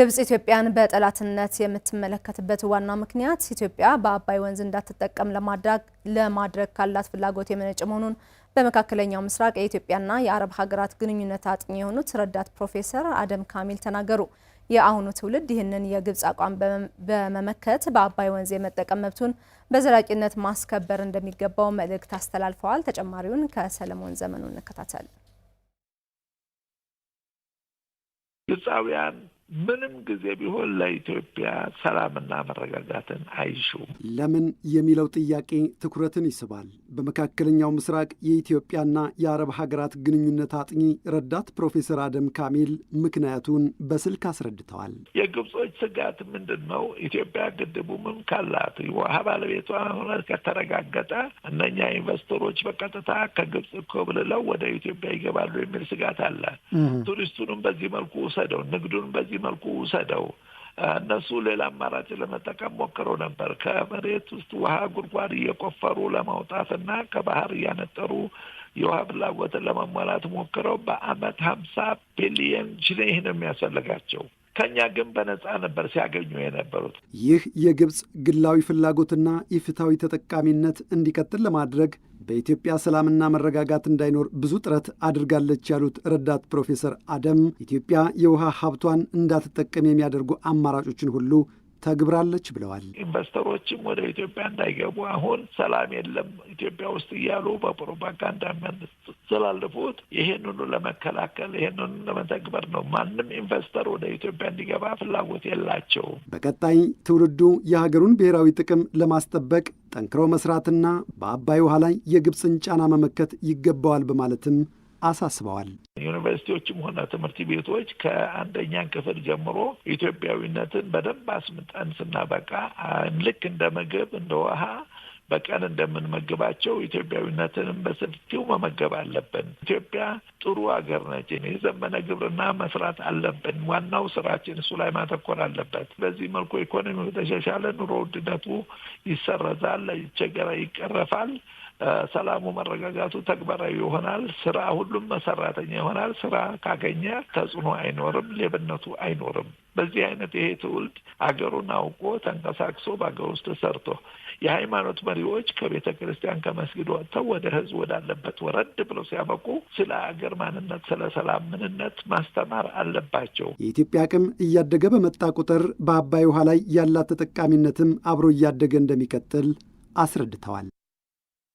ግብጽ ኢትዮጵያን በጠላትነት የምትመለከትበት ዋና ምክንያት ኢትዮጵያ በአባይ ወንዝ እንዳትጠቀም ለማድረግ ካላት ፍላጎት የመነጨ መሆኑን በመካከለኛው ምስራቅ የኢትዮጵያና የአረብ ሀገራት ግንኙነት አጥኚ የሆኑት ረዳት ፕሮፌሰር አደም ካሚል ተናገሩ። የአሁኑ ትውልድ ይህንን የግብጽ አቋም በመመከት በአባይ ወንዝ የመጠቀም መብቱን በዘላቂነት ማስከበር እንደሚገባው መልእክት አስተላልፈዋል። ተጨማሪውን ከሰለሞን ዘመኑ እንከታተል። ግብጻውያን ምንም ጊዜ ቢሆን ለኢትዮጵያ ሰላምና መረጋጋትን አይሹም። ለምን የሚለው ጥያቄ ትኩረትን ይስባል። በመካከለኛው ምስራቅ የኢትዮጵያና የአረብ ሀገራት ግንኙነት አጥኚ ረዳት ፕሮፌሰር አደም ካሚል ምክንያቱን በስልክ አስረድተዋል። የግብጾች ስጋት ምንድን ነው? ኢትዮጵያ ግድቡምም ካላት ውሃ ባለቤቷ ሆነ ከተረጋገጠ እነኛ ኢንቨስተሮች በቀጥታ ከግብጽ ኮብልለው ወደ ኢትዮጵያ ይገባሉ የሚል ስጋት አለ። ቱሪስቱንም በዚህ መልኩ ውሰደው፣ ንግዱን በዚህ በዚህ መልኩ ውሰደው። እነሱ ሌላ አማራጭ ለመጠቀም ሞክረው ነበር። ከመሬት ውስጥ ውሃ ጉድጓድ እየቆፈሩ ለማውጣትና ከባህር እያነጠሩ የውሃ ፍላጎትን ለመሟላት ሞክረው በአመት ሀምሳ ቢሊየን ጅኔህ ነው የሚያስፈልጋቸው። ከኛ ግን በነጻ ነበር ሲያገኙ የነበሩት። ይህ የግብፅ ግላዊ ፍላጎትና ኢፍታዊ ተጠቃሚነት እንዲቀጥል ለማድረግ በኢትዮጵያ ሰላምና መረጋጋት እንዳይኖር ብዙ ጥረት አድርጋለች ያሉት ረዳት ፕሮፌሰር አደም ኢትዮጵያ የውሃ ሀብቷን እንዳትጠቀም የሚያደርጉ አማራጮችን ሁሉ ተግብራለች ብለዋል። ኢንቨስተሮችም ወደ ኢትዮጵያ እንዳይገቡ አሁን ሰላም የለም ኢትዮጵያ ውስጥ እያሉ በፕሮፓጋንዳ ስላለፉት ይህንኑ ለመከላከል ይህንኑ ለመተግበር ነው። ማንም ኢንቨስተር ወደ ኢትዮጵያ እንዲገባ ፍላጎት የላቸውም። በቀጣይ ትውልዱ የሀገሩን ብሔራዊ ጥቅም ለማስጠበቅ ጠንክረው መስራትና በአባይ ውሃ ላይ የግብፅን ጫና መመከት ይገባዋል በማለትም አሳስበዋል። ዩኒቨርሲቲዎችም ሆነ ትምህርት ቤቶች ከአንደኛን ክፍል ጀምሮ ኢትዮጵያዊነትን በደንብ አስምጠን ስናበቃ ልክ እንደ ምግብ እንደ ውሃ በቀን እንደምንመግባቸው ኢትዮጵያዊነትንም በሰፊው መመገብ አለብን። ኢትዮጵያ ጥሩ ሀገር ነች። የዘመነ ግብርና መስራት አለብን። ዋናው ስራችን እሱ ላይ ማተኮር አለበት። በዚህ መልኩ ኢኮኖሚ በተሻሻለ ኑሮ ውድነቱ ይሰረዛል፣ ቸገራ ይቀረፋል። ሰላሙ መረጋጋቱ ተግባራዊ ይሆናል። ስራ ሁሉም መሰራተኛ ይሆናል። ስራ ካገኘ ተጽዕኖ አይኖርም፣ ሌብነቱ አይኖርም። በዚህ አይነት ይሄ ትውልድ ሀገሩን አውቆ ተንቀሳቅሶ በሀገር ውስጥ ሰርቶ የሃይማኖት መሪዎች ከቤተ ክርስቲያን ከመስጊድ ወጥተው ወደ ህዝብ ወዳለበት ወረድ ብለው ሲያበቁ ስለ ሀገር ማንነት፣ ስለ ሰላም ምንነት ማስተማር አለባቸው። የኢትዮጵያ አቅም እያደገ በመጣ ቁጥር በአባይ ውሃ ላይ ያላት ተጠቃሚነትም አብሮ እያደገ እንደሚቀጥል አስረድተዋል።